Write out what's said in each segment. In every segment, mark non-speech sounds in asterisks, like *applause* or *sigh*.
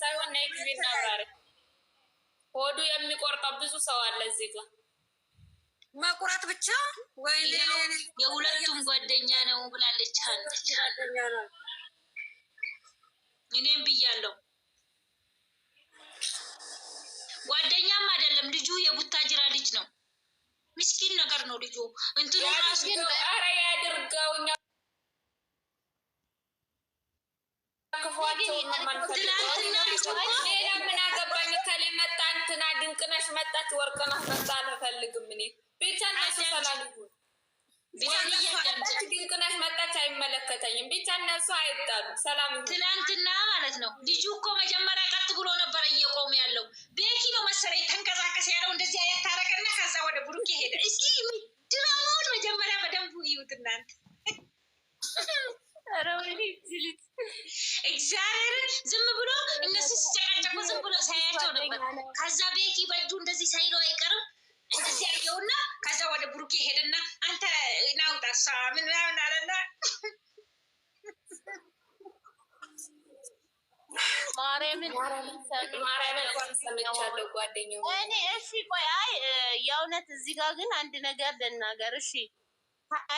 ሳይሆን ናይ ግቢ እናብራሪ። ሆዱ የሚቆርጠው ብዙ ሰው አለ እዚህ ጋር መቁረጥ ብቻ ወይ የሁለቱም ጓደኛ ነው ብላለች። እኔም ብያለሁ ጓደኛም አይደለም ልጁ የቡታጅራ ልጅ ነው። ምስኪን ነገር ነው ልጁ እንትኑ ራሱ ኧረ ያድርገው። ሌላ ምን አገባኝ? ከሌ መጣ እንትና ድንቅነሽ መጣች፣ ወርቅነሽ መጣ። አልፈልግም እኔ ብቻ እነሱ ሰላም ይሁን። ድንቅነሽ መጣች፣ አይመለከተኝም። ብቻ እነሱ አይጣሉ፣ ሰላም ይሁን። ትናንትና ማለት ነው ልጁ እኮ መጀመሪያ ቀጥ ብሎ ነበረ እየቆሙ ያለው ቤኪ ነው መሰለኝ ተንቀሳቀስ ያለው እንደዚህ አይነት ታረቀና ከዛ ወደ ብሩክ ሄደ። እስኪ ድራማውን መጀመሪያ በደንቡ ይዩት እናንተ እግዚአብሔርን ዝም ብሎ እነሱ ሲጨቃጨቁ ዝም ብሎ ሳያቸው ነበር። ከዛ ቤኪ በእጁ እንደዚህ ሳይለው አይቀርም እንደዚህ ያየውና ከዛ ወደ ብሩኬ ሄደና አንተ ናውጣ እሷ ምን ምናምን አለና ማርያምን ሰምቻለሁ። ጓደኛው እኔ እሺ ቆይ፣ አይ የእውነት እዚህ ጋር ግን አንድ ነገር ልናገር እሺ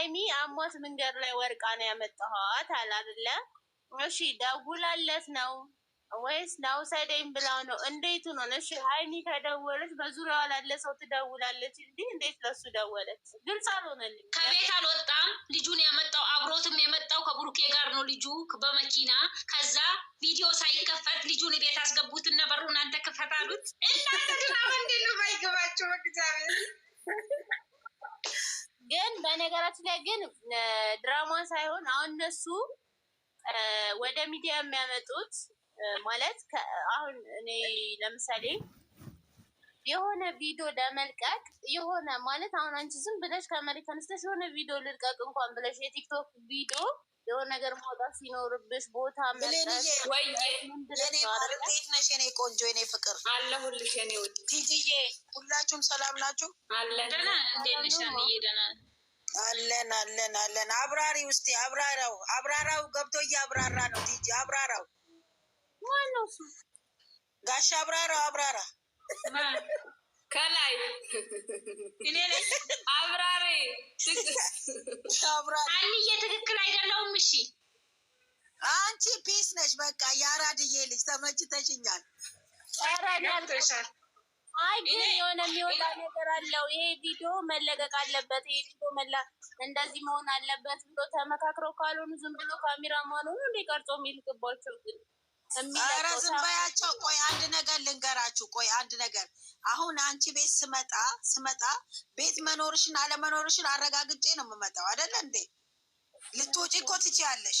ሀይሚ አሟት መንገድ ላይ ወርቃ ነው ያመጣኋት አለ አይደለ? እሺ ደውላለት ነው ወይስ ለውሰደኝ ብላው ነው? እንዴት ነው? እሺ ሀይሚ ከደወለች በዙሪያዋ ላለ ሰው ትደውላለች እንጂ እንዴት ለሱ ደወለች? ግልጽ አልሆነልኝ። ከቤት አልወጣም። ልጁን ያመጣው አብሮትም የመጣው ከብሩኬ ጋር ነው። ልጁ በመኪና ከዛ ቪዲዮ ሳይከፈት ልጁን ቤት እና በሩን አንተ ክፈት አሉት። እናንተ ግን አሁን ነው ባይገባቸው? እግዚአብሔር ግን በነገራችን ላይ ግን ድራማ ሳይሆን አሁን እነሱ ወደ ሚዲያ የሚያመጡት ማለት አሁን እኔ ለምሳሌ የሆነ ቪዲዮ ለመልቀቅ የሆነ ማለት አሁን አንቺ ዝም ብለሽ ከመሬት ተነስተሽ የሆነ ቪዲዮ ልልቀቅ እንኳን ብለሽ የቲክቶክ ቪዲዮ የሆነ ነገር ማውጣት ሲኖርብሽ ቦታ ወይኔት ነሽ የኔ ቆንጆ የኔ ፍቅር አለሁልሽ የኔ ቲጂዬ፣ ሁላችሁም ሰላም ናችሁ? አለን አለን አለን። አብራሪ ውስጥ አብራራው አብራራው ገብቶ እያብራራ ነው። ቲጂ አብራራው ጋሽ አብራራው አብራራ ከላይ እኔ ላይ አብራሪ አንዬ ትክክል አይደለሁም። እሺ አንቺ ፒስ ነሽ። በቃ የአራድዬ ልጅ ተመችተሽኛል። አይ ግን የሆነ የሚወጣ ነገር አለው። ይሄ ቪዲዮ መለቀቅ አለበት፣ ይሄ ቪዲዮ መላ እንደዚህ መሆን አለበት ብሎ ተመካክሮ ካልሆኑ ዝም ብሎ ካሜራ መሆኑ እንዲቀርጾ የሚልቅባቸው ግን ኧረ ዝም በያቸው። ቆይ አንድ ነገር ልንገራችሁ። ቆይ አንድ ነገር አሁን አንቺ ቤት ስመጣ ስመጣ ቤት መኖርሽን አለመኖርሽን አረጋግጬ ነው የምመጣው አይደለ እንዴ? ልትወጪ እኮ ትችያለሽ።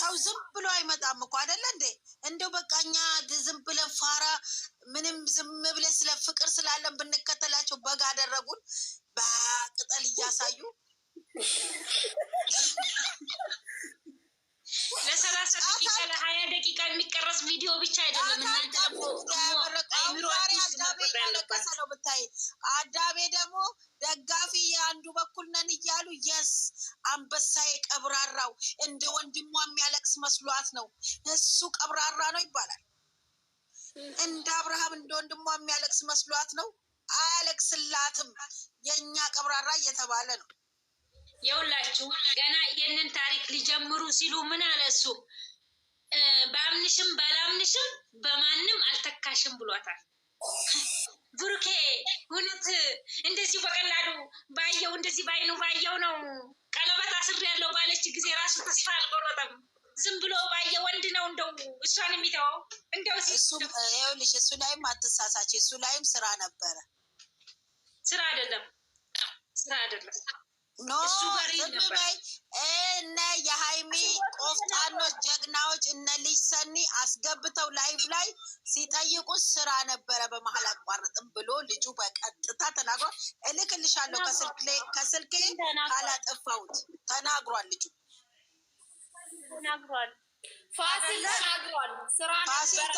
ሰው ዝም ብሎ አይመጣም እኮ አይደለ እንዴ? እንደው በቃ እኛ ዝም ብለን ፋራ ምንም ዝም ብለን ስለ ፍቅር ስላለን ብንከተላቸው በግ አደረጉን በቅጠል እያሳዩ ለሰላሳ ደቂቃ ለሀያ ደቂቃ የሚቀረጽ ቪዲዮ ብቻ አይደለም። እናንተ ነው ብታይ አዳሜ ደግሞ ደጋፊ የአንዱ በኩል ነን እያሉ የስ አንበሳዬ ቀብራራው እንደ ወንድሟ የሚያለቅስ መስሏት ነው እሱ ቀብራራ ነው ይባላል። እንደ አብርሃም እንደ ወንድሟ የሚያለቅስ መስሏት ነው አያለቅስላትም። የእኛ ቀብራራ እየተባለ ነው የሁላችሁ ገና ይህንን ታሪክ ሊጀምሩ ሲሉ ምን አለ እሱ በአምንሽም ባላምንሽም በማንም አልተካሽም ብሏታል። ብሩኬ እውነት እንደዚህ በቀላሉ ባየው እንደዚህ ባይኑ ባየው ነው ቀለበት አስር ያለው ባለች ጊዜ ራሱ ተስፋ አልቆረጠም። ዝም ብሎ ባየ ወንድ ነው እንደው እሷን የሚተወው እንደው ይኸውልሽ፣ እሱ ላይም አትሳሳች። እሱ ላይም ስራ ነበረ። ስራ አይደለም፣ ስራ አይደለም ኖ ዝም በይ። እነ የሀይሚ ቆፍጣኖች ጀግናዎች እነ ልጅ ሰኒ አስገብተው ላይቭ ላይ ሲጠይቁ ስራ ነበረ በመሀል አቋርጥም ብሎ ልጁ በቀጥታ ተናግሯል። እልክልሻለሁ ከስልኬ ካላጠፋሁት ተናግሯል። ልጁ ተናግሯል። ፋሲል ተናግሯል። ፋሲል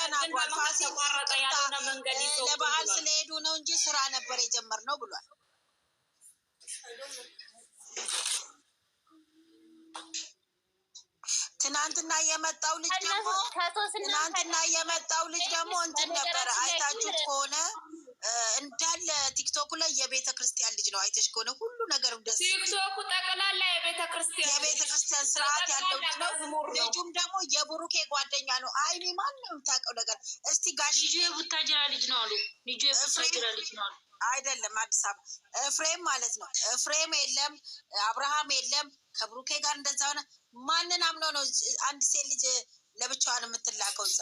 ለበዓል ስለሄዱ ነው እንጂ ስራ ነበር የጀመርነው ብሏል። ትናንትና የመጣው ልጅ ደግሞ ትናንትና የመጣው ልጅ ደግሞ እንትን ነበረ። አይታችሁት ከሆነ እንዳለ ቲክቶኩ ላይ የቤተ ክርስቲያን ልጅ ነው። አይተሽ ከሆነ ሁሉ ነገር ደስ ቲክቶኩ ጠቅላላ የቤተ ክርስቲያን የቤተ ክርስቲያን ስርዓት ያለው ልጅ ነው። ልጁም ደግሞ የቡሩኬ ጓደኛ ነው። አይኔ ማን ነው የምታውቀው ነገር እስቲ ጋሽ ልጁ የቡታጅራ ልጅ ነው አሉ። ልጁ የቡታጅራ ልጅ ነው አሉ። አይደለም አዲስ አበባ ፍሬም ማለት ነው። ፍሬም የለም፣ አብርሃም የለም። ከብሩኬ ጋር እንደዛ ሆነ ማንን አምኖ ነው አንድ ሴት ልጅ ለብቻዋን የምትላከው? እዛ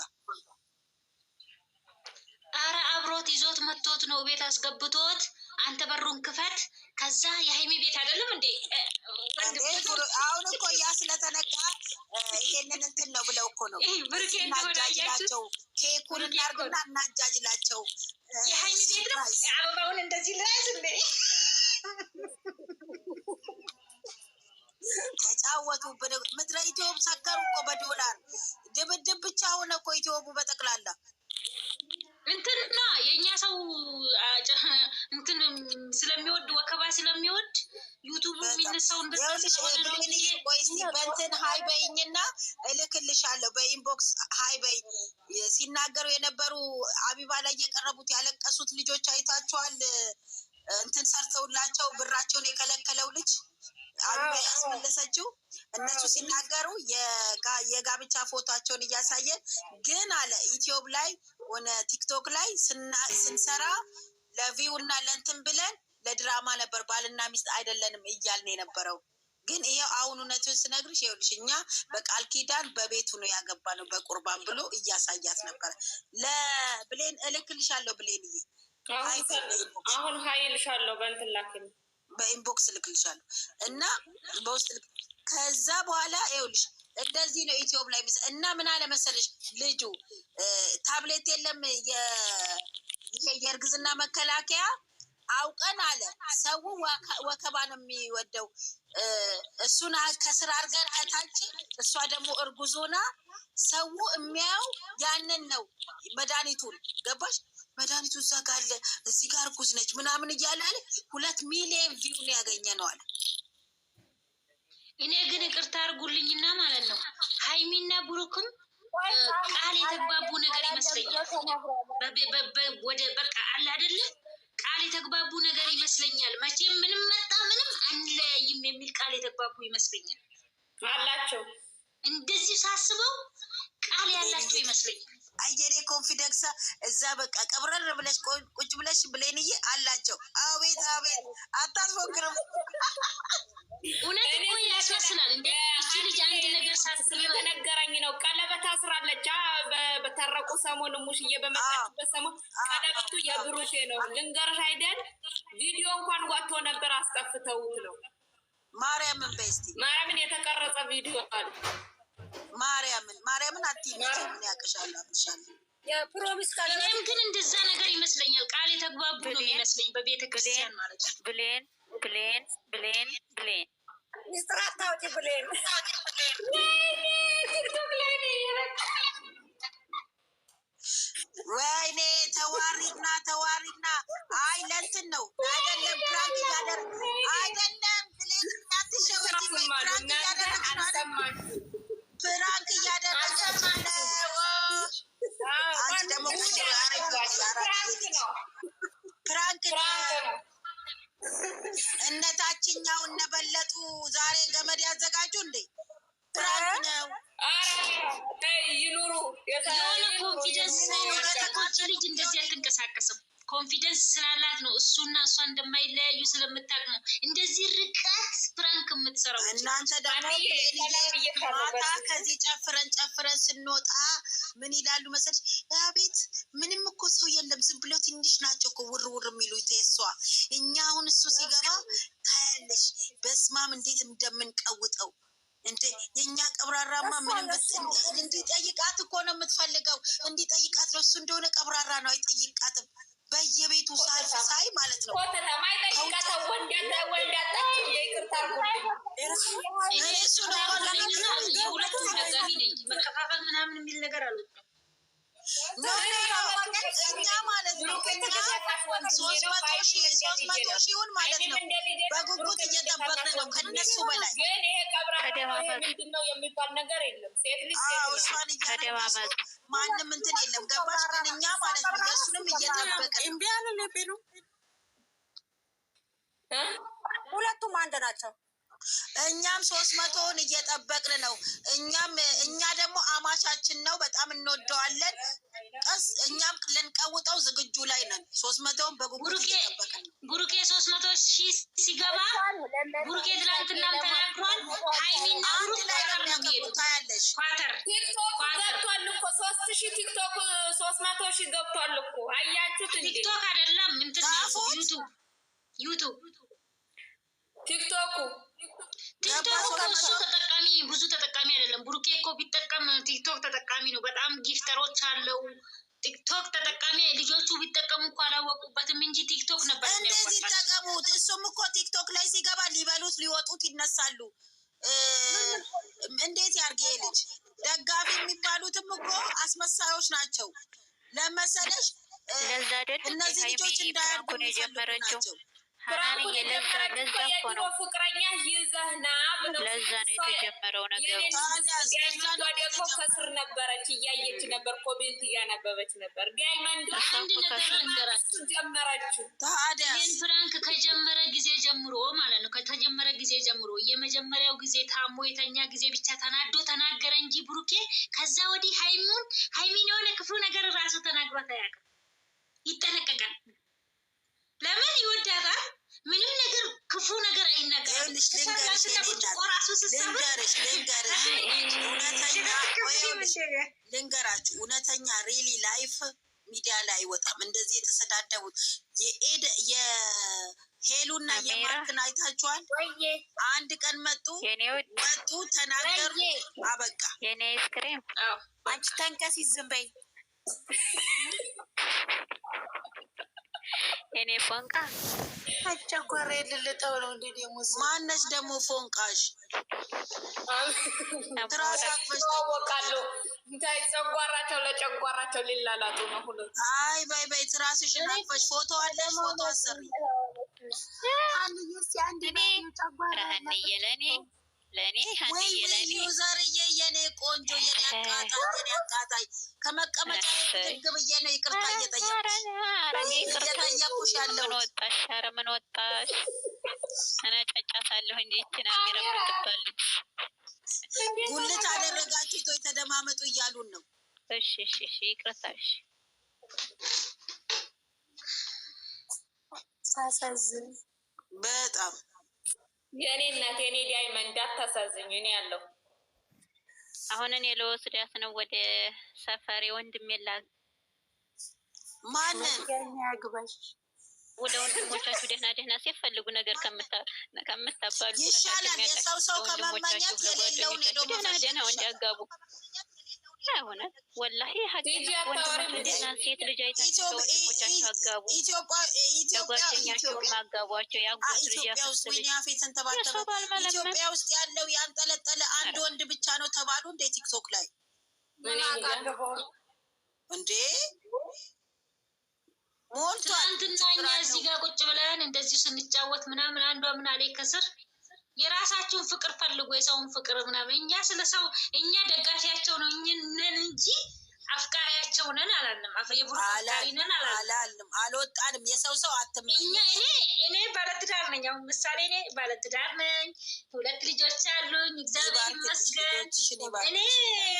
አረ አብሮት ይዞት መቶት ነው ቤት አስገብቶት፣ አንተ በሩን ክፈት። ከዛ የሀይሚ ቤት አይደለም እንዴ? አሁን እኮ ያ ስለተነቃ ይሄንን እንትን ነው ብለው እኮ ነው እናጃጅላቸው፣ ኬኩን እናርግና እናጃጅላቸው። የሀይሚ ቤት ነው አበባውን እንደዚህ ልያዝ እንዴ ተጫወቱ ምድረ ኢትዮብ ሰከሩ እኮ በዶላር ድብድብ ብቻ ሆነ እኮ ኢትዮቡ በጠቅላላ እንትንና የእኛ ሰው እንትን ስለሚወድ ወከባ ስለሚወድ ዩቱብ የሚነሳውን በእንትን ሀይ በይኝና እልክልሻለሁ። በኢንቦክስ ሀይ በይኝ። ሲናገሩ የነበሩ አቢባ ላይ የቀረቡት ያለቀሱት ልጆች አይታችኋል? እንትን ሰርተውላቸው ብራቸውን የከለከለው ልጅ አበባ ያስመለሰችው እነሱ ሲናገሩ የጋብቻ ፎቶቸውን እያሳየን ግን አለ ዩቲዩብ ላይ ሆነ ቲክቶክ ላይ ስንሰራ ለቪው እና ለእንትን ብለን ለድራማ ነበር፣ ባልና ሚስት አይደለንም እያልን የነበረው ግን ይኸው አሁን እውነቱን ስነግርሽ ይኸውልሽ እኛ በቃል ኪዳን በቤቱ ነው ያገባ ነው በቁርባን ብሎ እያሳያት ነበር። ለብሌን እልክልሻለሁ ብሌን፣ አሁን ሀይልሻለሁ በእንትን ላክልኝ በኢንቦክስ እልክልሻለሁ እና በውስጥ ከዛ በኋላ ይኸውልሽ እንደዚህ ነው ኢትዮብ ላይ እና ምን አለ መሰለሽ ልጁ ታብሌት የለም ይሄ የእርግዝና መከላከያ አውቀን አለ ሰው ወከባ ነው የሚወደው። እሱን ከስራ አድርገን አታች እሷ ደግሞ እርጉዞና ሰው የሚያየው ያንን ነው መድኃኒቱን ገባሽ? መድኃኒቱ እዛ ጋ አለ፣ እዚህ ጋር እርጉዝ ነች ምናምን እያለ አለ። ሁለት ሚሊየን ቪው ነው ያገኘ ነው አለ። እኔ ግን ይቅርታ አድርጉልኝና ማለት ነው ሀይሚና ብሩክም ቃል የተግባቡ ነገር ይመስለኛል። ወደ በቃ አለ አይደለ ቃል የተግባቡ ነገር ይመስለኛል። መቼም ምንም መጣ ምንም አንለያይም የሚል ቃል የተግባቡ ይመስለኛል አላቸው። እንደዚህ ሳስበው ቃል ያላቸው ይመስለኛል። አየሬ ኮንፊደንስ እዛ በቃ ቀብረር ብለሽ ቁጭ ብለሽ ብሌንዬ አላቸው። አቤት አቤት፣ አታስፎክርም። እውነት እኮ ያስመስላል። እንደ እቺ ልጅ አንድ ነገር ሳስብ የተነገረኝ ነው። ቀለበት አስራለች። በተረቁ ሰሞን ሙሽዬ በመጣችበት ሰሞን ቀለበቱ የብሩቴ ነው። ልንገር አይደል ቪዲዮ እንኳን ወጥቶ ነበር። አስጠፍተውት ነው። ማርያምን በስቲ ማርያምን የተቀረጸ ቪዲዮ አሉ ማርያምን ማርያምን አትይም ምን ያቅሻል አልኩሻል። ፕሮሚስ ካለ እኔም ግን እንደዛ ነገር ይመስለኛል። ቃል የተግባቡ ነው የሚመስለኝ በቤተ ክርስቲያን ማለት ነው። ብሌን ብሌን ብሌን ብሌን ሚስጥራት ታውቂ ብሌን ወይኔ ተዋሪና ተዋሪና አይ ለንትን ነው አይደለም ፕራንክ ያደር አይደለም ማታ ከዚህ ጨፍረን ጨፍረን ስንወጣ ምን ይላሉ መሰለሽ? አቤት ምንም እኮ ሰው የለም ዝም ብለው ትንሽ ናቸው እኮ ውር ውር የሚሉ እሷ እኛ አሁን እሱ ሲገባ ታያለሽ። በስማም እንዴት እንደምንቀውጠው እንደ የእኛ ቀብራራማ ምንም እንዲጠይቃት እኮ ነው የምትፈልገው። እንዲጠይቃት ነው እሱ እንደሆነ ቀብራራ ነው አይጠይቃትም። በየቤቱ ሳልፍ ሳይ ማለት ነው። መከፋፈል ምናምን የሚል ነገር አለ እኛ ማለት ነው። ሶስት መቶ ሺውን ማለት ነው በጉጉት እየጠበቅን ነው። ከነሱ በላይ ምንድን ነው የሚባል ነገር የለም። ሴት ልጅ እሷን እያለ ማንም እንትን የለም። ገባሽ? ግን እኛ ማለት ነው የእሱንም እየጠበቅን ሁለቱም አንድ ናቸው። እኛም ሶስት መቶውን እየጠበቅን ነው። እኛም እኛ ደግሞ አማቻችን ነው፣ በጣም እንወደዋለን። ቀስ እኛም ልንቀውጠው ዝግጁ ላይ ነን። ሶስት መቶውን በጉጉት እየጠበቅን ቡሩኬ ሶስት መቶ ሺህ ሲገባ ቡሩኬ ትላንትናም ተናግሯል። ሀይሚና ቡሩኬ የጀመረችው ነበረች እያየች እያነበበች ፍራንክ ከጀመረ ጊዜ ጀምሮ ማለት ነው ከተጀመረ ጊዜ ጀምሮ የመጀመሪያው ጊዜ ታሞ የተኛ ጊዜ ብቻ ተናዶ ተናገረ እንጂ ብሩኬ ከዛ ወዲህ ልንገራችሁ እውነተኛ ሪሊ ላይፍ ሚዲያ ላይ አይወጣም። እንደዚህ የተሰዳደቡት የኤደ የሄሉና የማርክን አይታችኋል። አንድ ቀን መጡ መጡ ተናገሩ፣ አበቃ። የኔ ስክሪም አንቺ ተንከሲ ዝም የኔ ፎንቃ አቸጎሬ ልልጠው ነው እንዴ? ደግሞ ማነች ደግሞ ፎንቃሽ ትራሳወቃለሁ ጨጓራቸው ለጨጓራቸው ሊላላጡ ነው። ሁሉ አይ በይ በይ ትራስሽን አፈሽ ፎቶ አለሽ ፎቶ አሰሪ ለእኔ ለእኔ ለእኔ ዘርዬ የኔ ቆንጆ የኔ አቃጣይ የኔ አቃጣይ ከመቀመጫ ዝግ ብዬ ነው ይቅርታ እየጠየቁሽ ምን ወጣሽ? እኔ ጨጫታለሁ እንጂ ይችን ሀገር ጉልት አደረጋችሁ። ቶ የተደማመጡ እያሉን ነው። እሺ እሺ እሺ፣ ይቅርታ እሺ። ሳሳዝን በጣም የእኔ እናት የእኔ አታሳዝኝ፣ እኔ አሁን እኔ ለወስዳት ነው ወደ ሰፈር ወንድሜን ላግ ማንን ያግባሽ ወደ ወንድሞቻችሁ ደህና ደህና ሲፈልጉ ነገር ከምታባሉ ይሻላል። የሰው ሰው ከመመኘት የሌለውን ደህና ደህና እንዲያጋቡ እውነት ኢትዮጵያ ውስጥ ያለው ያንጠለጠለ አንድ ወንድ ብቻ ነው ተባሉ። እንደ ቲክቶክ ላይ እንዴ ሞልቷል። ትናንትና እኛ እዚህ ጋር ቁጭ ብለን እንደዚሁ ስንጫወት ምናምን አንዷ ምን አለኝ ከስር የራሳቸውን ፍቅር ፈልጎ የሰውን ፍቅር ምናምን እኛ ስለ ሰው እኛ ደጋፊያቸው ነው ነን እንጂ አፍቃሪያቸው ነን አላልንም። የብሩክ አፍቃሪ ነን አላልንም። አልወጣንም። የሰው ሰው አትምኝ። እኛ እኔ እኔ ባለትዳር ነኝ። አሁን ምሳሌ እኔ ባለትዳር ነኝ፣ ሁለት ልጆች አሉኝ። እግዚአብሔር ይመስገን። እኔ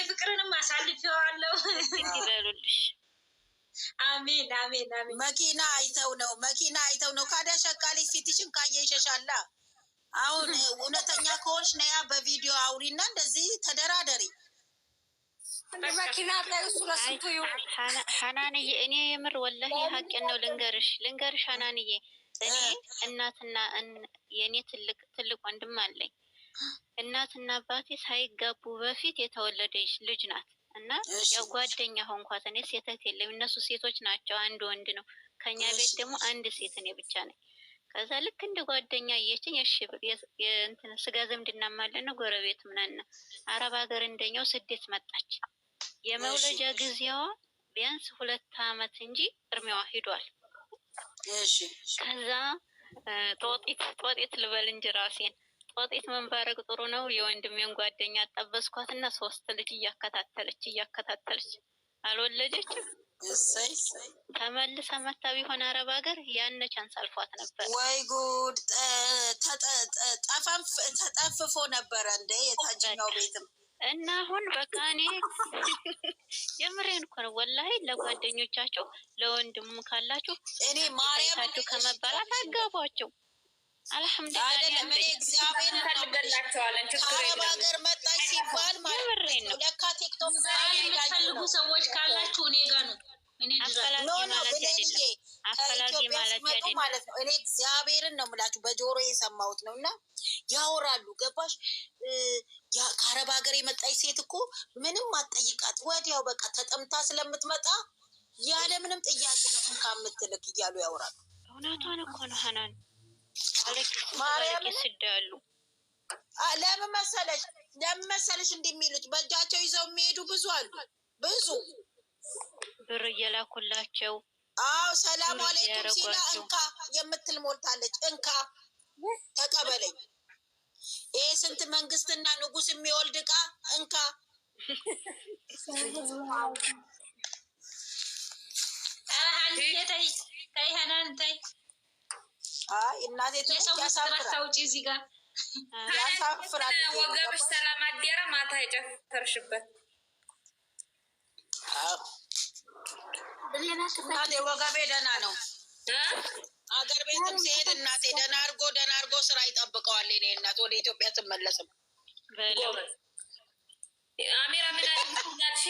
ፍቅርንም አሳልፌዋለሁ። *laughs* አሜን አሜን አሜን። መኪና አይተው ነው መኪና አይተው ነው። ካዲያ ሸቃሌ ፊትሽን ካየ ይሸሻላ አሁን እውነተኛ ከሆንሽ ነያ በቪዲዮ አውሪና እንደዚህ ተደራደሪ። ሀናንዬ እኔ የምር ወላሂ ሀቅ ነው ልንገርሽ ልንገርሽ ሀናንዬ እኔ እናትና የእኔ ትልቅ ትልቅ ወንድም አለኝ። እናትና አባቴ ሳይጋቡ በፊት የተወለደች ልጅ ናት እና ያው ጓደኛ ሆንኳት። እኔ ሴተት የለም፣ እነሱ ሴቶች ናቸው፣ አንድ ወንድ ነው። ከኛ ቤት ደግሞ አንድ ሴት እኔ ብቻ ነኝ። ከዛ ልክ እንደ ጓደኛ እየችኝ እሺ እንትን ስጋ ዝምድና ማለት ነው። ጎረቤት ምናና አረብ ሀገር እንደኛው ስደት መጣች። የመውለጃ ጊዜዋ ቢያንስ ሁለት አመት እንጂ እድሜዋ ሂዷል። ከዛ ጦጢት ጦጢት ልበል እንጂ ራሴን ጦጢት መንባረግ ጥሩ ነው። የወንድሜን ጓደኛ ጠበስኳትና ሶስት ልጅ እያከታተለች እያከታተለች አልወለደችም ተመልሰ መታ ቢሆን አረብ ሀገር ያነ ቻንስ አልፏት ነበር። ወይ ጉድ! ተጠፍፎ ነበረ እንደ የታችኛው ቤትም እና አሁን በቃ እኔ ጀምሬን *laughs* እኮ ነው ወላሂ። ለጓደኞቻቸው ለወንድም ካላችሁ እኔ ማርያምታችሁ ከመባላት አጋቧቸው። አልሐምዱሊላህ እግዚአብሔር እንፈልገላቸዋለን። ከአረብ ሀገር መጣች ሲባል ማለት ነው። ለካ ቲክቶክ የምትፈልጉ ሰዎች ካላችሁ እኔ ጋ ነው። ማለት እኔ እግዚአብሔርን ነው የምላችሁ በጆሮ የሰማሁት ነው እና ያወራሉ። ገባሽ? ከአረብ ሀገር የመጣች ሴት እኮ ምንም አትጠይቃት፣ ወዲያው በቃ ተጠምታ ስለምትመጣ ያለ ምንም ጥያቄ ነው ከምትልክ እያሉ ያወራሉ። እውነቷን እኮ ነው ሀናን ማርያም ለምን መሰለሽ ለምን መሰለሽ እንደሚሉት በእጃቸው ይዘው የሚሄዱ ብዙ አሉ ብዙ ብር እየላኩላቸው አዎ፣ ሰላም አለይኩም ሲላ እንካ የምትል ሞልታለች። እንካ ተቀበለኝ። ይሄ ስንት መንግስትና ንጉስ የሚወልድ እቃ እንካ ሰላም ማታ የጨፈርሽበት ቤ ደህና ነው። አገር ቤትም ሲሄድ እናቴ ደህና አድርጎ ደህና አድርጎ ስራ ይጠብቀዋል። ኔ እናት ወደ ኢትዮጵያ ትመለስም። አሜራ ምን ያልሽ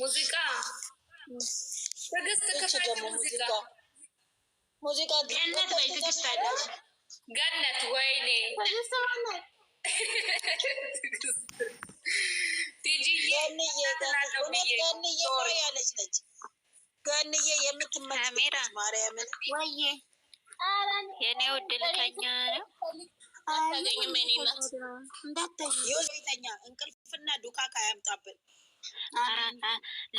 ሙዚቃ ትግስት ክፈል። ሙዚቃ ሙዚቃ ገነት ላይ ትግስት አለ ገነት ወይኔ *laughs* ያለች ገንዬ የምትመራ ማርያምን ወዬ የኔ ውድ ልተኛ ነው እንዳተኛ እንቅልፍና ዱካ ካያምጣብን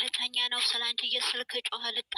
ልተኛ ነው። ስለ አንቺዬ ጮኸ ልጣ